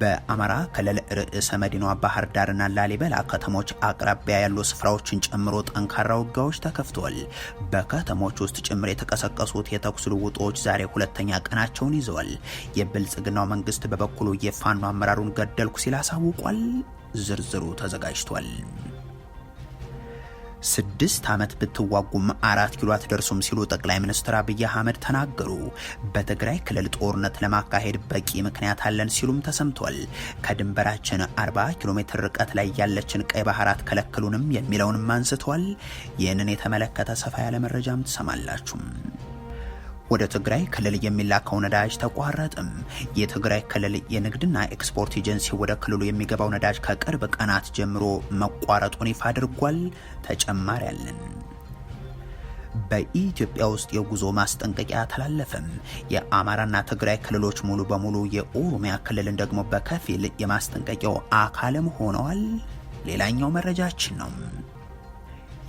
በአማራ ክልል ርዕሰ መዲኗ ባህር ዳርና ላሊበላ ከተሞች አቅራቢያ ያሉ ስፍራዎችን ጨምሮ ጠንካራ ውጊያዎች ተከፍተዋል። በከተሞች ውስጥ ጭምር የተቀሰቀሱት የተኩስ ልውውጦች ዛሬ ሁለተኛ ቀናቸውን ይዘዋል። የብልጽግናው መንግስት በበኩሉ የፋኖ አመራሩን ገደልኩ ሲል አሳውቋል። ዝርዝሩ ተዘጋጅቷል። ስድስት ዓመት ብትዋጉም አራት ኪሎ አትደርሱም ሲሉ ጠቅላይ ሚኒስትር አብይ አህመድ ተናገሩ። በትግራይ ክልል ጦርነት ለማካሄድ በቂ ምክንያት አለን ሲሉም ተሰምቷል። ከድንበራችን 40 ኪሎ ሜትር ርቀት ላይ ያለችን ቀይ ባህር አትከለክሉንም የሚለውንም አንስተዋል። ይህንን የተመለከተ ሰፋ ያለ መረጃም ትሰማላችሁም። ወደ ትግራይ ክልል የሚላከው ነዳጅ ተቋረጥም። የትግራይ ክልል የንግድና ኤክስፖርት ኤጀንሲ ወደ ክልሉ የሚገባው ነዳጅ ከቅርብ ቀናት ጀምሮ መቋረጡን ይፋ አድርጓል። ተጨማሪ ያለን በኢትዮጵያ ውስጥ የጉዞ ማስጠንቀቂያ ተላለፈም። የአማራና ትግራይ ክልሎች ሙሉ በሙሉ የኦሮሚያ ክልልን ደግሞ በከፊል የማስጠንቀቂያው አካልም ሆነዋል። ሌላኛው መረጃችን ነው።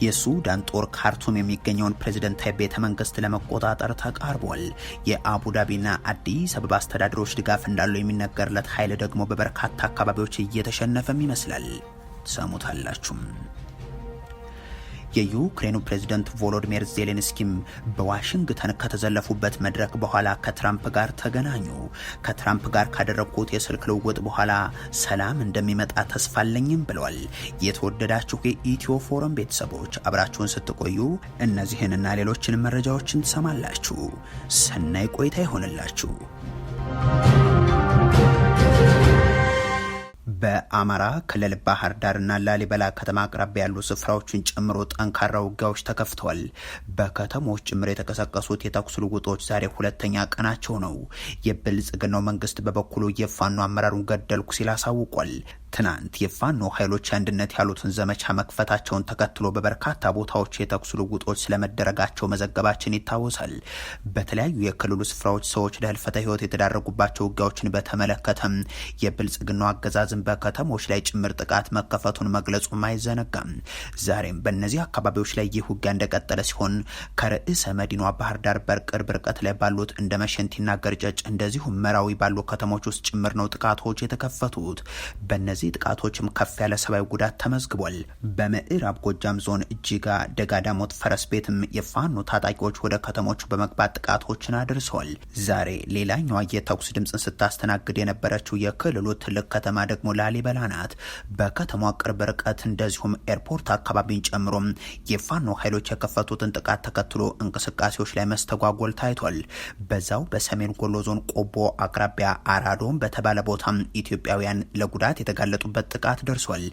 የሱዳን ጦር ካርቱም የሚገኘውን ፕሬዝደንታዊ ቤተ መንግስት ለመቆጣጠር ተቃርቧል። የአቡዳቢና አዲስ አበባ አስተዳደሮች ድጋፍ እንዳለው የሚነገርለት ኃይል ደግሞ በበርካታ አካባቢዎች እየተሸነፈም ይመስላል። ሰሙታላችሁም። የዩክሬኑ ፕሬዝደንት ቮሎዲሚር ዜሌንስኪም በዋሽንግተን ከተዘለፉበት መድረክ በኋላ ከትራምፕ ጋር ተገናኙ። ከትራምፕ ጋር ካደረግኩት የስልክ ልውውጥ በኋላ ሰላም እንደሚመጣ ተስፋ አለኝም ብለዋል። የተወደዳችሁ የኢትዮ ፎረም ቤተሰቦች አብራችሁን ስትቆዩ እነዚህንና ሌሎችን መረጃዎችን ትሰማላችሁ። ሰናይ ቆይታ ይሆንላችሁ። በአማራ ክልል ባህር ዳርና ላሊበላ ከተማ አቅራቢያ ያሉ ስፍራዎችን ጨምሮ ጠንካራ ውጊያዎች ተከፍተዋል። በከተሞች ጭምር የተቀሰቀሱት የተኩስ ልውጦች ዛሬ ሁለተኛ ቀናቸው ነው። የብልጽግናው መንግስት በበኩሉ የፋኖ አመራሩን ገደልኩ ሲል አሳውቋል። ትናንት የፋኖ ኃይሎች አንድነት ያሉትን ዘመቻ መክፈታቸውን ተከትሎ በበርካታ ቦታዎች የተኩስ ልውጦች ስለመደረጋቸው መዘገባችን ይታወሳል። በተለያዩ የክልሉ ስፍራዎች ሰዎች ለህልፈተ ህይወት የተዳረጉባቸው ውጊያዎችን በተመለከተም የብልጽግናው አገዛዝን በከተሞች ላይ ጭምር ጥቃት መከፈቱን መግለጹም አይዘነጋም። ዛሬም በእነዚህ አካባቢዎች ላይ ይህ ውጊያ እንደቀጠለ ሲሆን ከርዕሰ መዲኗ ባህር ዳር በቅርብ ርቀት ላይ ባሉት እንደ መሸንቲና ገርጨጭ እንደዚሁም መራዊ ባሉ ከተሞች ውስጥ ጭምር ነው ጥቃቶች የተከፈቱት። በእነዚህ ጥቃቶችም ከፍ ያለ ሰብአዊ ጉዳት ተመዝግቧል። በምዕራብ ጎጃም ዞን እጅጋ ደጋዳሞት ፈረስ ቤትም የፋኖ ታጣቂዎች ወደ ከተሞቹ በመግባት ጥቃቶችን አድርሰዋል። ዛሬ ሌላኛዋ የተኩስ ድምፅን ስታስተናግድ የነበረችው የክልሉ ትልቅ ከተማ ደግሞ ላሊበላ ናት። በከተማ ቅርብ ርቀት እንደዚሁም ኤርፖርት አካባቢን ጨምሮ የፋኖ ኃይሎች የከፈቱትን ጥቃት ተከትሎ እንቅስቃሴዎች ላይ መስተጓጎል ታይቷል። በዛው በሰሜን ጎሎ ዞን ቆቦ አቅራቢያ አራዶም በተባለ ቦታ ኢትዮጵያውያን ለጉዳት የተጋለጡበት ጥቃት ደርሷል።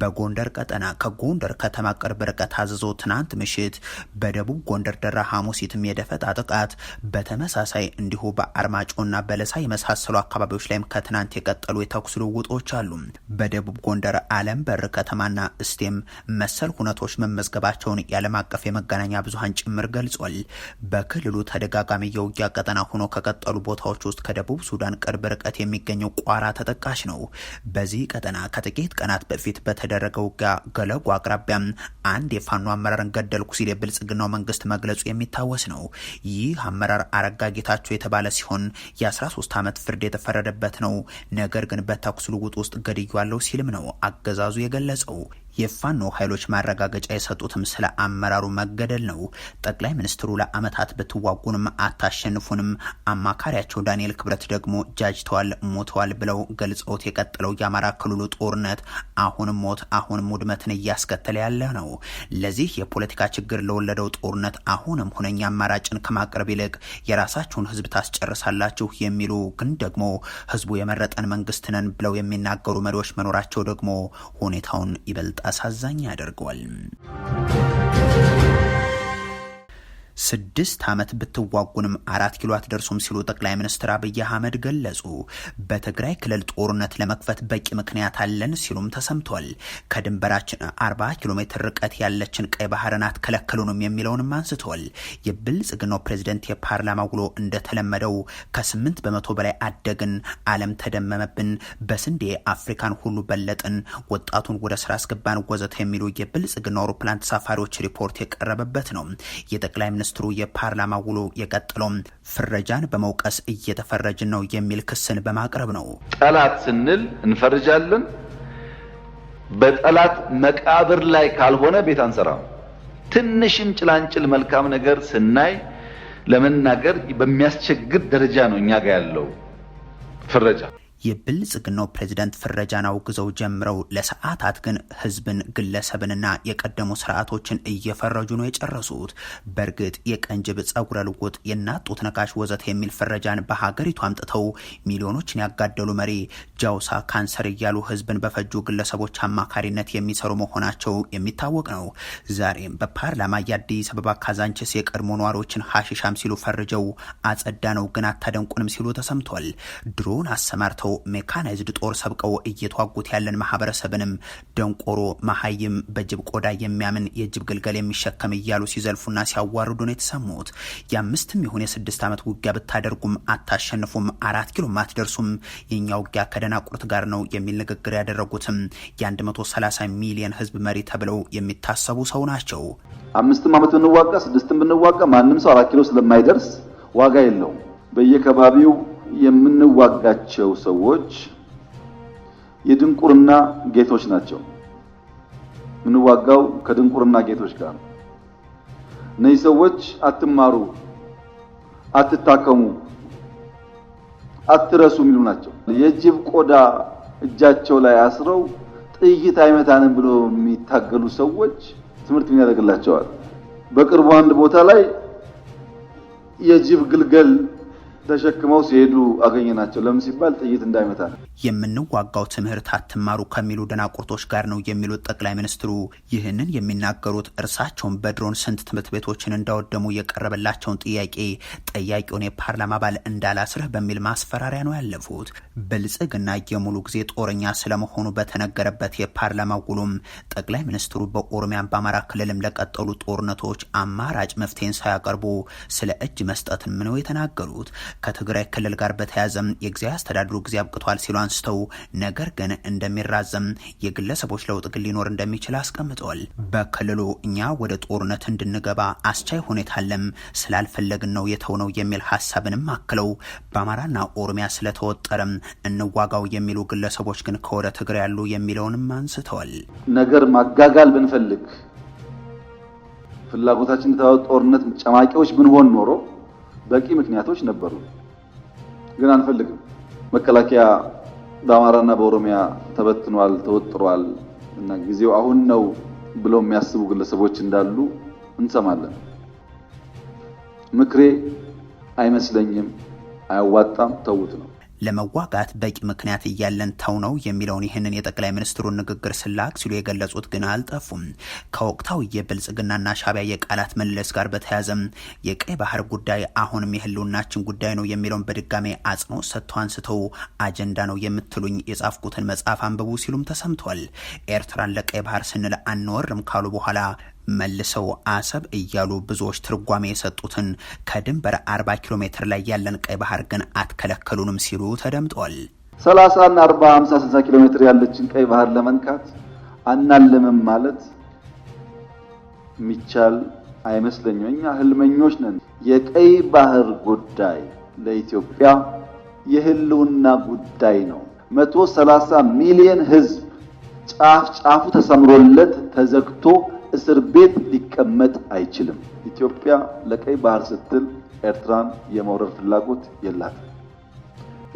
በጎንደር ቀጠና ከጎንደር ከተማ ቅርብ ርቀት አዘዞ ትናንት ምሽት፣ በደቡብ ጎንደር ደራ ሐሙሲትም የደፈጣ ጥቃት በተመሳሳይ እንዲሁ በአርማጮና በለሳ የመሳሰሉ አካባቢዎች ላይም ከትናንት የቀጠሉ የተኩስ ልውውጦች አሉ። በደቡብ ጎንደር አለም በር ከተማና እስቴም መሰል ሁነቶች መመዝገባቸውን የዓለም አቀፍ የመገናኛ ብዙሀን ጭምር ገልጿል። በክልሉ ተደጋጋሚ የውጊያ ቀጠና ሆኖ ከቀጠሉ ቦታዎች ውስጥ ከደቡብ ሱዳን ቅርብ ርቀት የሚገኘው ቋራ ተጠቃሽ ነው። በዚህ ቀጠና ከጥቂት ቀናት በፊት በተደረገ ውጊያ ገለጉ አቅራቢያ አንድ የፋኖ አመራርን ገደልኩ ሲል የብልጽግናው መንግስት መግለጹ የሚታወስ ነው። ይህ አመራር አረጋ ጌታቸው የተባለ ሲሆን የ13 ዓመት ፍርድ የተፈረደበት ነው። ነገር ግን በተኩስ ልውውጥ ውስጥ ገድያለሁ ሲልም ነው አገዛዙ የገለጸው። የፋኖ ኃይሎች ማረጋገጫ የሰጡትም ስለ አመራሩ መገደል ነው። ጠቅላይ ሚኒስትሩ ለአመታት ብትዋጉንም አታሸንፉንም፣ አማካሪያቸው ዳንኤል ክብረት ደግሞ ጃጅተዋል፣ ሞተዋል ብለው ገልጸውት የቀጠለው የአማራ ክልሉ ጦርነት አሁንም ሞት አሁንም ውድመትን እያስከተለ ያለ ነው። ለዚህ የፖለቲካ ችግር ለወለደው ጦርነት አሁንም ሁነኛ አማራጭን ከማቅረብ ይልቅ የራሳችሁን ህዝብ ታስጨርሳላችሁ የሚሉ ግን ደግሞ ህዝቡ የመረጠን መንግስት ነን ብለው የሚናገሩ መሪዎች መኖራቸው ደግሞ ሁኔታውን ይበልጣል አሳዛኝ ያደርገዋል። ስድስት ዓመት ብትዋጉንም አራት ኪሎ አትደርሱም ሲሉ ጠቅላይ ሚኒስትር አብይ አህመድ ገለጹ። በትግራይ ክልል ጦርነት ለመክፈት በቂ ምክንያት አለን ሲሉም ተሰምቷል። ከድንበራችን አርባ ኪሎ ሜትር ርቀት ያለችን ቀይ ባህርን አትከለከሉንም የሚለውንም አንስቷል። የብልጽግናው ፕሬዝደንት የፓርላማ ውሎ እንደተለመደው ከስምንት በመቶ በላይ አደግን፣ አለም ተደመመብን፣ በስንዴ አፍሪካን ሁሉ በለጥን፣ ወጣቱን ወደ ስራ አስገባን፣ ወዘተ የሚሉ የብልጽግና አውሮፕላን ተሳፋሪዎች ሪፖርት የቀረበበት ነው። የጠቅላይ ሚኒስትሩ ሚኒስትሩ የፓርላማ ውሎ የቀጠለውም ፍረጃን በመውቀስ እየተፈረጅን ነው የሚል ክስን በማቅረብ ነው። ጠላት ስንል እንፈርጃለን። በጠላት መቃብር ላይ ካልሆነ ቤት አንሰራም። ትንሽም ጭላንጭል መልካም ነገር ስናይ ለመናገር በሚያስቸግር ደረጃ ነው እኛ ጋር ያለው ፍረጃ። የብልጽግናው ፕሬዚደንት ፍረጃን አውግዘው ጀምረው ለሰዓታት ግን ህዝብን፣ ግለሰብንና የቀደሙ ስርዓቶችን እየፈረጁ ነው የጨረሱት። በእርግጥ የቀንጅብ ጸጉረ ልውጥ፣ የናጡት ነቃሽ ወዘት የሚል ፍረጃን በሀገሪቱ አምጥተው ሚሊዮኖችን ያጋደሉ መሪ ጃውሳ ካንሰር እያሉ ህዝብን በፈጁ ግለሰቦች አማካሪነት የሚሰሩ መሆናቸው የሚታወቅ ነው። ዛሬም በፓርላማ የአዲስ አበባ ካዛንችስ የቀድሞ ነዋሪዎችን ሀሺሻም ሲሉ ፈርጀው አጸዳ ነው ግን አታደንቁንም ሲሉ ተሰምቷል። ድሮን አሰማርተው ሜካናይዝድ ጦር ሰብቀው እየተዋጉት ያለን ማህበረሰብንም ደንቆሮ መሀይም በጅብ ቆዳ የሚያምን የጅብ ግልገል የሚሸከም እያሉ ሲዘልፉና ሲያዋርዱ ነው የተሰሙት። የአምስትም ይሁን የስድስት ዓመት ውጊያ ብታደርጉም አታሸንፉም፣ አራት ኪሎ አትደርሱም፣ የእኛ ውጊያ ከደናቁርት ጋር ነው የሚል ንግግር ያደረጉትም የ130 ሚሊዮን ህዝብ መሪ ተብለው የሚታሰቡ ሰው ናቸው። አምስትም ዓመት ብንዋጋ ስድስትም ብንዋጋ ማንም ሰው አራት ኪሎ ስለማይደርስ ዋጋ የለውም። በየከባቢው የምንዋጋቸው ሰዎች የድንቁርና ጌቶች ናቸው። የምንዋጋው ከድንቁርና ጌቶች ጋር ነው። እነዚህ ሰዎች አትማሩ፣ አትታከሙ፣ አትረሱ የሚሉ ናቸው። የጅብ ቆዳ እጃቸው ላይ አስረው ጥይት አይመታንም ብሎ የሚታገሉ ሰዎች ትምህርት ምን ያደርግላቸዋል? በቅርቡ አንድ ቦታ ላይ የጅብ ግልገል ተሸክመው ሲሄዱ አገኘ ናቸው። ለምን ሲባል ጥይት እንዳይመታ ነው። የምንዋጋው ትምህርት አትማሩ ከሚሉ ደናቁርቶች ጋር ነው የሚሉት ጠቅላይ ሚኒስትሩ ይህንን የሚናገሩት እርሳቸውን በድሮን ስንት ትምህርት ቤቶችን እንዳወደሙ የቀረበላቸውን ጥያቄ ጠያቂውን የፓርላማ አባል እንዳላስርህ በሚል ማስፈራሪያ ነው ያለፉት። ብልጽግና የሙሉ ጊዜ ጦረኛ ስለመሆኑ በተነገረበት የፓርላማ ውሎም ጠቅላይ ሚኒስትሩ በኦሮሚያን በአማራ ክልልም ለቀጠሉ ጦርነቶች አማራጭ መፍትሄን ሳያቀርቡ ስለ እጅ መስጠትን ምነው የተናገሩት ከትግራይ ክልል ጋር በተያያዘም የጊዜያዊ አስተዳድሩ ጊዜ አብቅቷል ሲሉ አንስተው ነገር ግን እንደሚራዘም የግለሰቦች ለውጥ ግን ሊኖር እንደሚችል አስቀምጠዋል። በክልሉ እኛ ወደ ጦርነት እንድንገባ አስቻይ ሁኔታ አለም ስላልፈለግን ነው የተውነው የሚል ሀሳብንም አክለው በአማራና ኦሮሚያ ስለተወጠረም እንዋጋው የሚሉ ግለሰቦች ግን ከወደ ትግራይ ያሉ የሚለውንም አንስተዋል። ነገር ማጋጋል ብንፈልግ ፍላጎታችን የተባሉ ጦርነት ጨማቂዎች ብንሆን ኖሮ በቂ ምክንያቶች ነበሩ፣ ግን አንፈልግም። መከላከያ በአማራና በኦሮሚያ ተበትኗል፣ ተወጥሯል እና ጊዜው አሁን ነው ብለው የሚያስቡ ግለሰቦች እንዳሉ እንሰማለን። ምክሬ አይመስለኝም፣ አያዋጣም፣ ተዉት ነው። ለመዋጋት በቂ ምክንያት እያለን ተው ነው የሚለውን ይህንን የጠቅላይ ሚኒስትሩን ንግግር ስላቅ ሲሉ የገለጹት ግን አልጠፉም። ከወቅታዊ የብልጽግናና ሻቢያ የቃላት መለስ ጋር በተያያዘም የቀይ ባህር ጉዳይ አሁንም የህልውናችን ጉዳይ ነው የሚለውን በድጋሜ አጽኖ ሰጥተው አንስተው አጀንዳ ነው የምትሉኝ የጻፍኩትን መጽሐፍ አንብቡ ሲሉም ተሰምቷል። ኤርትራን ለቀይ ባህር ስንል አንወርም ካሉ በኋላ መልሰው አሰብ እያሉ ብዙዎች ትርጓሜ የሰጡትን ከድንበር 40 ኪሎ ሜትር ላይ ያለን ቀይ ባህር ግን አትከለከሉንም ሲሉ ተደምጧል። 30 እና 40፣ 50፣ 60 ኪሎ ሜትር ያለችን ቀይ ባህር ለመንካት አናልምም ማለት የሚቻል አይመስለኝም። እኛ ህልመኞች ነን። የቀይ ባህር ጉዳይ ለኢትዮጵያ የህልውና ጉዳይ ነው። 130 ሚሊዮን ህዝብ ጫፍ ጫፉ ተሰምሮለት ተዘግቶ እስር ቤት ሊቀመጥ አይችልም። ኢትዮጵያ ለቀይ ባህር ስትል ኤርትራን የመውረር ፍላጎት የላትም።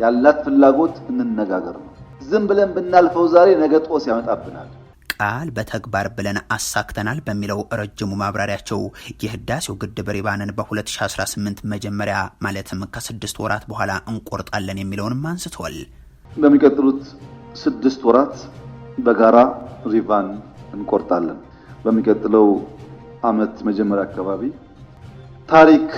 ያላት ፍላጎት እንነጋገር ነው። ዝም ብለን ብናልፈው ዛሬ ነገ ጦስ ያመጣብናል። ቃል በተግባር ብለን አሳክተናል በሚለው ረጅሙ ማብራሪያቸው የህዳሴው ግድብ ሪባንን በ2018 መጀመሪያ ማለትም ከስድስት ወራት በኋላ እንቆርጣለን የሚለውንም አንስተዋል። በሚቀጥሉት ስድስት ወራት በጋራ ሪቫን እንቆርጣለን። በሚቀጥለው ዓመት መጀመሪያ አካባቢ ታሪክ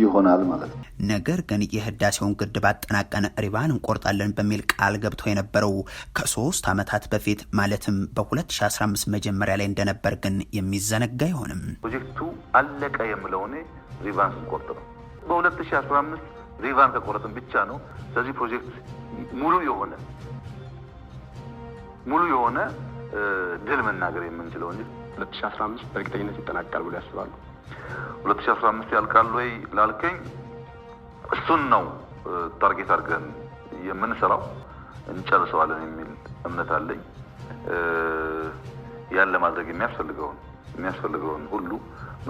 ይሆናል ማለት ነው። ነገር ግን የህዳሴውን ግድብ አጠናቀን ሪባን እንቆርጣለን በሚል ቃል ገብቶ የነበረው ከሶስት ዓመታት በፊት ማለትም በ2015 መጀመሪያ ላይ እንደነበር ግን የሚዘነጋ አይሆንም። ፕሮጀክቱ አለቀ የምለው እኔ ሪባን ስንቆርጥ ነው። በ2015 ሪባን ከቆረጥን ብቻ ነው ስለዚህ ፕሮጀክት ሙሉ የሆነ ሙሉ የሆነ ድል መናገር የምንችለው እንጂ 2015 በእርግጠኝነት ይጠናቃል ብሎ ያስባሉ? 2015 ያልቃል ወይ ላልከኝ እሱን ነው ታርጌት አድርገን የምንሰራው እንጨርሰዋለን የሚል እምነት አለኝ። ያን ለማድረግ የሚያስፈልገውን የሚያስፈልገውን ሁሉ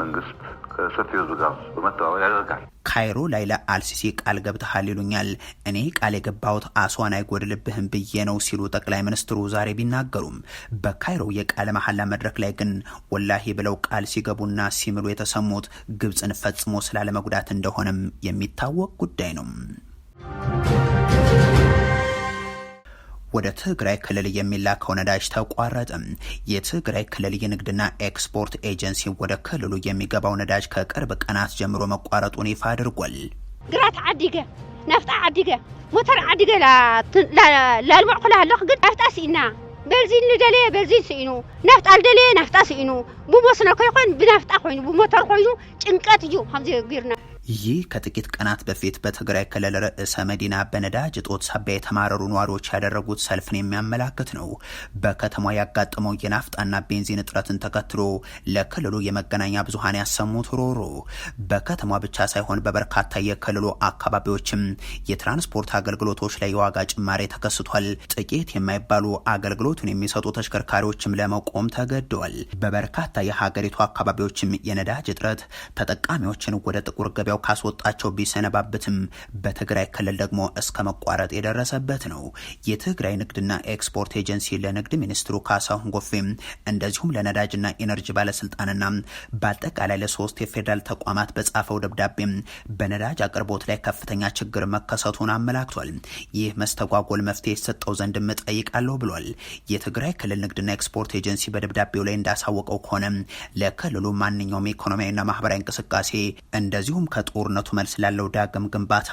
መንግስት ከሰፊው ህዝብ ጋር በመተባበር ያደርጋል። ካይሮ ላይ ለአልሲሲ ቃል ገብተሃል ይሉኛል። እኔ ቃል የገባሁት አስዋን አይጎድልብህም ብዬ ነው ሲሉ ጠቅላይ ሚኒስትሩ ዛሬ ቢናገሩም በካይሮ የቃለ መሐላ መድረክ ላይ ግን ወላሂ ብለው ቃል ሲገቡና ሲምሉ የተሰሙት ግብፅን ፈጽሞ ስላለመጉዳት እንደሆነም የሚታወቅ ጉዳይ ነው። ወደ ትግራይ ክልል የሚላከው ነዳጅ ተቋረጠ። የትግራይ ክልል የንግድና ኤክስፖርት ኤጀንሲ ወደ ክልሉ የሚገባው ነዳጅ ከቅርብ ቀናት ጀምሮ መቋረጡን ይፋ አድርጓል። ግራት ዓዲገ ናፍጣ ዓዲገ ሞተር ዓዲገ ላልሙዕ ኩላ ኣለኹ ግን ናፍጣ ስኢና በርዚን ንደለየ በርዚን ስኢኑ ናፍጣ ልደለየ ናፍጣ ስኢኑ ብመስኖ ከይኮን ብናፍጣ ኮይኑ ብሞተር ኮይኑ ጭንቀት እዩ ከምዚ ገርና ይህ ከጥቂት ቀናት በፊት በትግራይ ክልል ርዕሰ መዲና በነዳጅ እጦት ሳቢያ የተማረሩ ነዋሪዎች ያደረጉት ሰልፍን የሚያመላክት ነው። በከተማ ያጋጠመው የናፍጣና ቤንዚን እጥረትን ተከትሎ ለክልሉ የመገናኛ ብዙኃን ያሰሙት ሮሮ በከተማ ብቻ ሳይሆን በበርካታ የክልሉ አካባቢዎችም የትራንስፖርት አገልግሎቶች ላይ የዋጋ ጭማሬ ተከስቷል። ጥቂት የማይባሉ አገልግሎቱን የሚሰጡ ተሽከርካሪዎችም ለመቆም ተገደዋል። በበርካታ የሀገሪቱ አካባቢዎችም የነዳጅ እጥረት ተጠቃሚዎችን ወደ ጥቁር ገበያ ወዲያው ካስወጣቸው ቢሰነባበትም በትግራይ ክልል ደግሞ እስከ መቋረጥ የደረሰበት ነው። የትግራይ ንግድና ኤክስፖርት ኤጀንሲ ለንግድ ሚኒስትሩ ካሳሁን ጎፌም እንደዚሁም ለነዳጅና ኢነርጂ ባለስልጣንና በአጠቃላይ ለሶስት የፌዴራል ተቋማት በጻፈው ደብዳቤም በነዳጅ አቅርቦት ላይ ከፍተኛ ችግር መከሰቱን አመላክቷል። ይህ መስተጓጎል መፍትሄ የተሰጠው ዘንድ እጠይቃለሁ ብሏል። የትግራይ ክልል ንግድና ኤክስፖርት ኤጀንሲ በደብዳቤው ላይ እንዳሳወቀው ከሆነ ለክልሉ ማንኛውም ኢኮኖሚያዊና ማህበራዊ እንቅስቃሴ እንደዚሁም ከ ከጦርነቱ መልስ ላለው ዳግም ግንባታ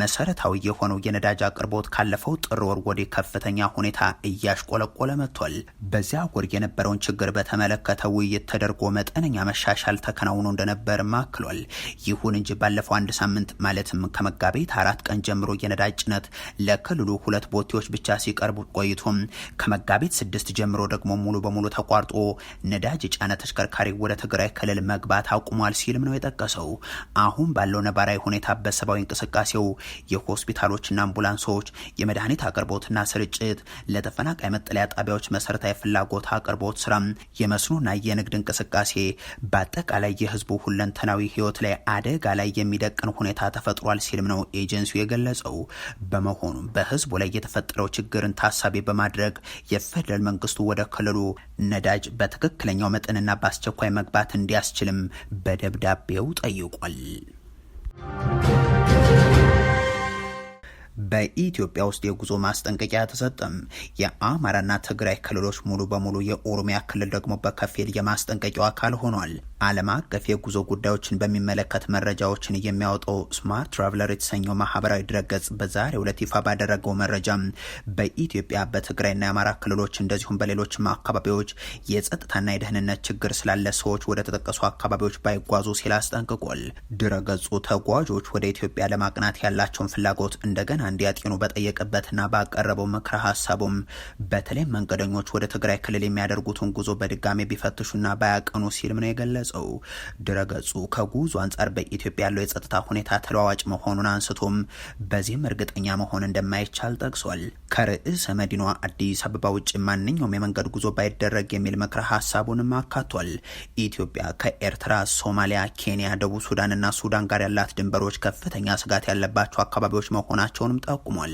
መሰረታዊ የሆነው የነዳጅ አቅርቦት ካለፈው ጥር ወር ወዲህ ከፍተኛ ሁኔታ እያሽቆለቆለ መጥቷል። በዚያ ጎር የነበረውን ችግር በተመለከተ ውይይት ተደርጎ መጠነኛ መሻሻል ተከናውኖ እንደነበር ማክሏል። ይሁን እንጂ ባለፈው አንድ ሳምንት ማለትም ከመጋቢት አራት ቀን ጀምሮ የነዳጅ ጭነት ለክልሉ ሁለት ቦቴዎች ብቻ ሲቀርቡ ቆይቶም ከመጋቢት ስድስት ጀምሮ ደግሞ ሙሉ በሙሉ ተቋርጦ ነዳጅ የጫነ ተሽከርካሪ ወደ ትግራይ ክልል መግባት አቁሟል ሲልም ነው የጠቀሰው አሁን አሁን ባለው ነባራዊ ሁኔታ በሰብአዊ እንቅስቃሴው የሆስፒታሎችና አምቡላንሶች፣ የመድኃኒት አቅርቦትና ስርጭት፣ ለተፈናቃይ መጠለያ ጣቢያዎች መሰረታዊ ፍላጎት አቅርቦት ስራም፣ የመስኖና የንግድ እንቅስቃሴ፣ በአጠቃላይ የህዝቡ ሁለንተናዊ ህይወት ላይ አደጋ ላይ የሚደቅን ሁኔታ ተፈጥሯል ሲልም ነው ኤጀንሲው የገለጸው። በመሆኑም በህዝቡ ላይ የተፈጠረው ችግርን ታሳቢ በማድረግ የፌደራል መንግስቱ ወደ ክልሉ ነዳጅ በትክክለኛው መጠንና በአስቸኳይ መግባት እንዲያስችልም በደብዳቤው ጠይቋል። Thank you. በኢትዮጵያ ውስጥ የጉዞ ማስጠንቀቂያ ተሰጠም። የአማራና ትግራይ ክልሎች ሙሉ በሙሉ፣ የኦሮሚያ ክልል ደግሞ በከፊል የማስጠንቀቂያው አካል ሆኗል። ዓለም አቀፍ የጉዞ ጉዳዮችን በሚመለከት መረጃዎችን የሚያወጣው ስማርት ትራቭለር የተሰኘው ማህበራዊ ድረገጽ በዛሬው ዕለት ይፋ ባደረገው መረጃ በኢትዮጵያ በትግራይና የአማራ ክልሎች እንደዚሁም በሌሎችም አካባቢዎች የጸጥታና የደህንነት ችግር ስላለ ሰዎች ወደ ተጠቀሱ አካባቢዎች ባይጓዙ ሲል አስጠንቅቋል። ድረገጹ ተጓዦች ወደ ኢትዮጵያ ለማቅናት ያላቸውን ፍላጎት እንደገና እንዲያጤኑ በጠየቀበትና ባቀረበው ምክረ ሀሳቡም በተለይም መንገደኞች ወደ ትግራይ ክልል የሚያደርጉትን ጉዞ በድጋሚ ቢፈትሹና ባያቀኑ ሲልም ነው የገለጸው። ድረገጹ ከጉዞ አንጻር በኢትዮጵያ ያለው የጸጥታ ሁኔታ ተለዋዋጭ መሆኑን አንስቶም በዚህም እርግጠኛ መሆን እንደማይቻል ጠቅሷል። ከርዕሰ መዲኗ አዲስ አበባ ውጭ ማንኛውም የመንገድ ጉዞ ባይደረግ የሚል ምክረ ሀሳቡንም አካቷል። ኢትዮጵያ ከኤርትራ፣ ሶማሊያ፣ ኬንያ፣ ደቡብ ሱዳንና ሱዳን ጋር ያላት ድንበሮች ከፍተኛ ስጋት ያለባቸው አካባቢዎች መሆናቸውን መሆኑንም ጠቁሟል።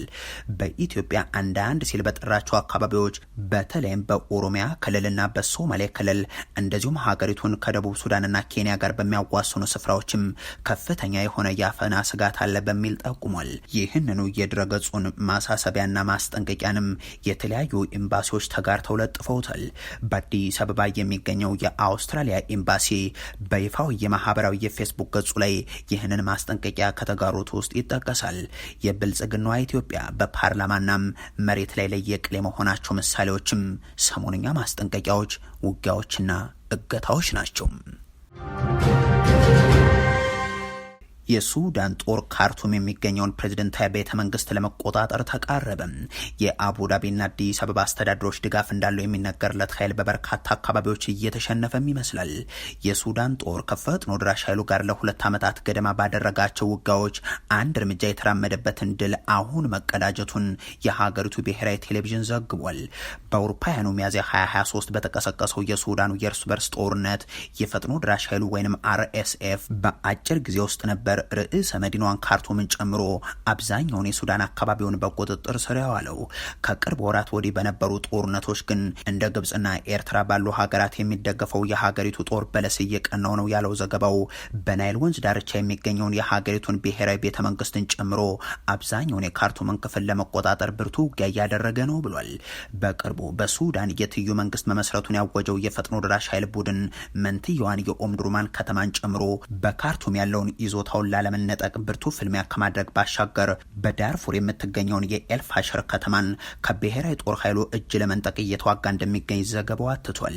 በኢትዮጵያ አንዳንድ ሲል በጠራቸው አካባቢዎች በተለይም በኦሮሚያ ክልልና በሶማሌ ክልል እንደዚሁም ሀገሪቱን ከደቡብ ሱዳንና ኬንያ ጋር በሚያዋስኑ ስፍራዎችም ከፍተኛ የሆነ የአፈና ስጋት አለ በሚል ጠቁሟል። ይህንኑ የድረገጹን ማሳሰቢያና ማስጠንቀቂያንም የተለያዩ ኤምባሲዎች ተጋርተው ለጥፈውታል። በአዲስ አበባ የሚገኘው የአውስትራሊያ ኤምባሲ በይፋው የማህበራዊ የፌስቡክ ገጹ ላይ ይህንን ማስጠንቀቂያ ከተጋሩት ውስጥ ይጠቀሳል። የብልጽግ ደግነዋ ኢትዮጵያ በፓርላማና መሬት ላይ ለየቅል የመሆናቸው ምሳሌዎችም ሰሞንኛ ማስጠንቀቂያዎች፣ ውጊያዎችና እገታዎች ናቸው። የሱዳን ጦር ካርቱም የሚገኘውን ፕሬዝደንታዊ ቤተ መንግስት ለመቆጣጠር ተቃረበ። የአቡዳቢና አዲስ አበባ አስተዳደሮች ድጋፍ እንዳለው የሚነገርለት ኃይል በበርካታ አካባቢዎች እየተሸነፈም ይመስላል። የሱዳን ጦር ከፈጥኖ ድራሽ ኃይሉ ጋር ለሁለት ዓመታት ገደማ ባደረጋቸው ውጋዎች አንድ እርምጃ የተራመደበትን ድል አሁን መቀዳጀቱን የሀገሪቱ ብሔራዊ ቴሌቪዥን ዘግቧል። በአውሮፓውያኑ ሚያዝያ 2023 በተቀሰቀሰው የሱዳኑ የእርስ በርስ ጦርነት የፈጥኖ ድራሽ ኃይሉ ወይም አርኤስኤፍ በአጭር ጊዜ ውስጥ ነበር ነበር ርዕሰ መዲናዋን ካርቱምን ጨምሮ አብዛኛውን የሱዳን አካባቢውን በቁጥጥር ስር ያዋለው። ከቅርብ ወራት ወዲህ በነበሩ ጦርነቶች ግን እንደ ግብጽና ኤርትራ ባሉ ሀገራት የሚደገፈው የሀገሪቱ ጦር በለስ እየቀናው ነው ያለው ዘገባው በናይል ወንዝ ዳርቻ የሚገኘውን የሀገሪቱን ብሔራዊ ቤተ መንግስትን ጨምሮ አብዛኛውን የካርቱምን ክፍል ለመቆጣጠር ብርቱ ውጊያ እያደረገ ነው ብሏል። በቅርቡ በሱዳን የትዩ መንግስት መመስረቱን ያወጀው የፈጥኖ ድራሽ ኃይል ቡድን መንትየዋን የኦምዱርማን ከተማን ጨምሮ በካርቱም ያለውን ይዞታው ስልጣናውን ላለመነጠቅ ብርቱ ፍልሚያ ከማድረግ ባሻገር በዳርፉር የምትገኘውን የኤልፋሽር ከተማን ከብሔራዊ ጦር ኃይሉ እጅ ለመንጠቅ እየተዋጋ እንደሚገኝ ዘገባው አትቷል።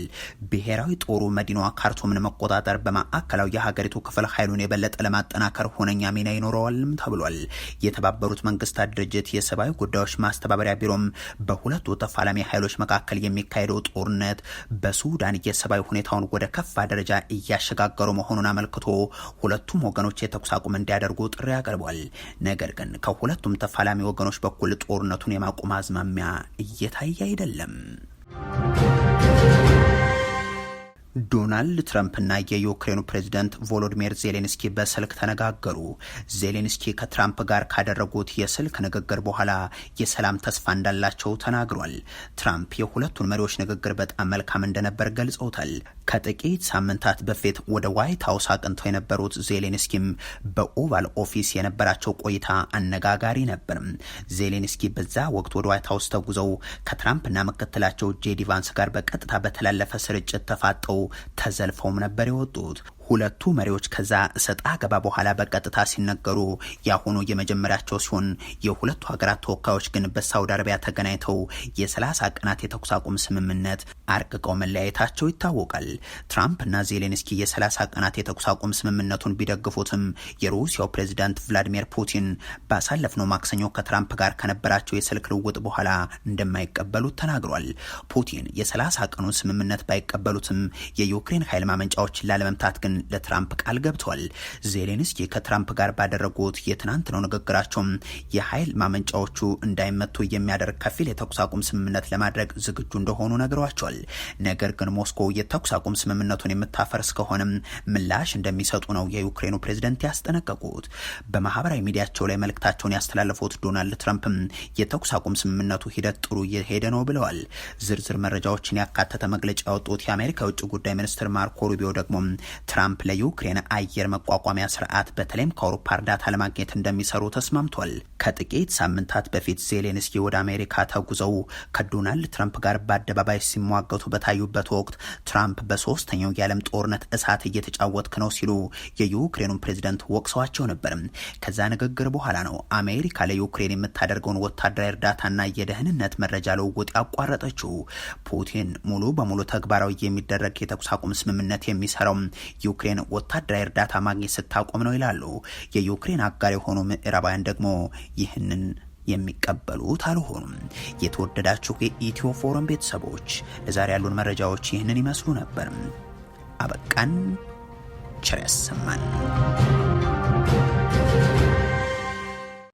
ብሔራዊ ጦሩ መዲናዋ ካርቱምን መቆጣጠር በማዕከላዊ የሀገሪቱ ክፍል ኃይሉን የበለጠ ለማጠናከር ሁነኛ ሚና ይኖረዋልም ተብሏል። የተባበሩት መንግስታት ድርጅት የሰብአዊ ጉዳዮች ማስተባበሪያ ቢሮም በሁለቱ ተፋላሚ ኃይሎች መካከል የሚካሄደው ጦርነት በሱዳን የሰብአዊ ሁኔታውን ወደ ከፋ ደረጃ እያሸጋገሩ መሆኑን አመልክቶ ሁለቱም ወገኖች የተኩስ አቁም እንዲያደርጉ ጥሪ አቅርቧል። ነገር ግን ከሁለቱም ተፋላሚ ወገኖች በኩል ጦርነቱን የማቆም አዝማሚያ እየታየ አይደለም። ዶናልድ ትራምፕና የዩክሬኑ ፕሬዝደንት ቮሎዲሚር ዜሌንስኪ በስልክ ተነጋገሩ። ዜሌንስኪ ከትራምፕ ጋር ካደረጉት የስልክ ንግግር በኋላ የሰላም ተስፋ እንዳላቸው ተናግሯል። ትራምፕ የሁለቱን መሪዎች ንግግር በጣም መልካም እንደነበር ገልጸውታል። ከጥቂት ሳምንታት በፊት ወደ ዋይት ሀውስ አቅንተው የነበሩት ዜሌንስኪም በኦቫል ኦፊስ የነበራቸው ቆይታ አነጋጋሪ ነበር። ዜሌንስኪ በዛ ወቅት ወደ ዋይት ሀውስ ተጉዘው ከትራምፕና ምክትላቸው ጄዲ ቫንስ ጋር በቀጥታ በተላለፈ ስርጭት ተፋጠው ተዘልፈውም ነበር የወጡት። ሁለቱ መሪዎች ከዛ እሰጣ ገባ በኋላ በቀጥታ ሲነገሩ ያሁኑ የመጀመሪያቸው ሲሆን የሁለቱ ሀገራት ተወካዮች ግን በሳውዲ አረቢያ ተገናኝተው የሰላሳ ቀናት የተኩስ አቁም ስምምነት አርቅቀው መለያየታቸው ይታወቃል። ትራምፕና ዜሌንስኪ የሰላሳ ቀናት የተኩስ አቁም ስምምነቱን ቢደግፉትም የሩሲያው ፕሬዚዳንት ቭላዲሚር ፑቲን ባሳለፍነው ማክሰኞ ከትራምፕ ጋር ከነበራቸው የስልክ ልውውጥ በኋላ እንደማይቀበሉት ተናግሯል። ፑቲን የሰላሳ ቀኑን ስምምነት ባይቀበሉትም የዩክሬን ኃይል ማመንጫዎችን ላለመምታት ግን ለትራምፕ ቃል ገብቷል። ዜሌንስኪ ከትራምፕ ጋር ባደረጉት የትናንት ነው ንግግራቸው የኃይል ማመንጫዎቹ እንዳይመቱ የሚያደርግ ከፊል የተኩስ አቁም ስምምነት ለማድረግ ዝግጁ እንደሆኑ ነግረዋቸዋል። ነገር ግን ሞስኮ የተኩስ አቁም ስምምነቱን የምታፈርስ ከሆነም ምላሽ እንደሚሰጡ ነው የዩክሬኑ ፕሬዝደንት ያስጠነቀቁት። በማህበራዊ ሚዲያቸው ላይ መልእክታቸውን ያስተላለፉት ዶናልድ ትራምፕም የተኩስ አቁም ስምምነቱ ሂደት ጥሩ እየሄደ ነው ብለዋል። ዝርዝር መረጃዎችን ያካተተ መግለጫ ያወጡት የአሜሪካ የውጭ ጉዳይ ሚኒስትር ማርኮ ሩቢዮ ደግሞ ትራምፕ ለዩክሬን አየር መቋቋሚያ ስርዓት በተለይም ከአውሮፓ እርዳታ ለማግኘት እንደሚሰሩ ተስማምቷል። ከጥቂት ሳምንታት በፊት ዜሌንስኪ ወደ አሜሪካ ተጉዘው ከዶናልድ ትራምፕ ጋር በአደባባይ ሲሟገቱ በታዩበት ወቅት ትራምፕ በሶስተኛው የዓለም ጦርነት እሳት እየተጫወትክ ነው ሲሉ የዩክሬኑን ፕሬዚደንት ወቅሰዋቸው ነበር። ከዛ ንግግር በኋላ ነው አሜሪካ ለዩክሬን የምታደርገውን ወታደራዊ እርዳታና የደህንነት መረጃ ልውውጥ ያቋረጠችው። ፑቲን ሙሉ በሙሉ ተግባራዊ የሚደረግ የተኩስ አቁም ስምምነት የሚሰራው ዩክሬን ወታደራዊ እርዳታ ማግኘት ስታቆም ነው ይላሉ። የዩክሬን አጋር የሆኑ ምዕራባውያን ደግሞ ይህንን የሚቀበሉት አልሆኑም። የተወደዳችሁ የኢትዮ ፎረም ቤተሰቦች ለዛሬ ያሉን መረጃዎች ይህንን ይመስሉ ነበር። አበቃን። ቸር ያሰማን።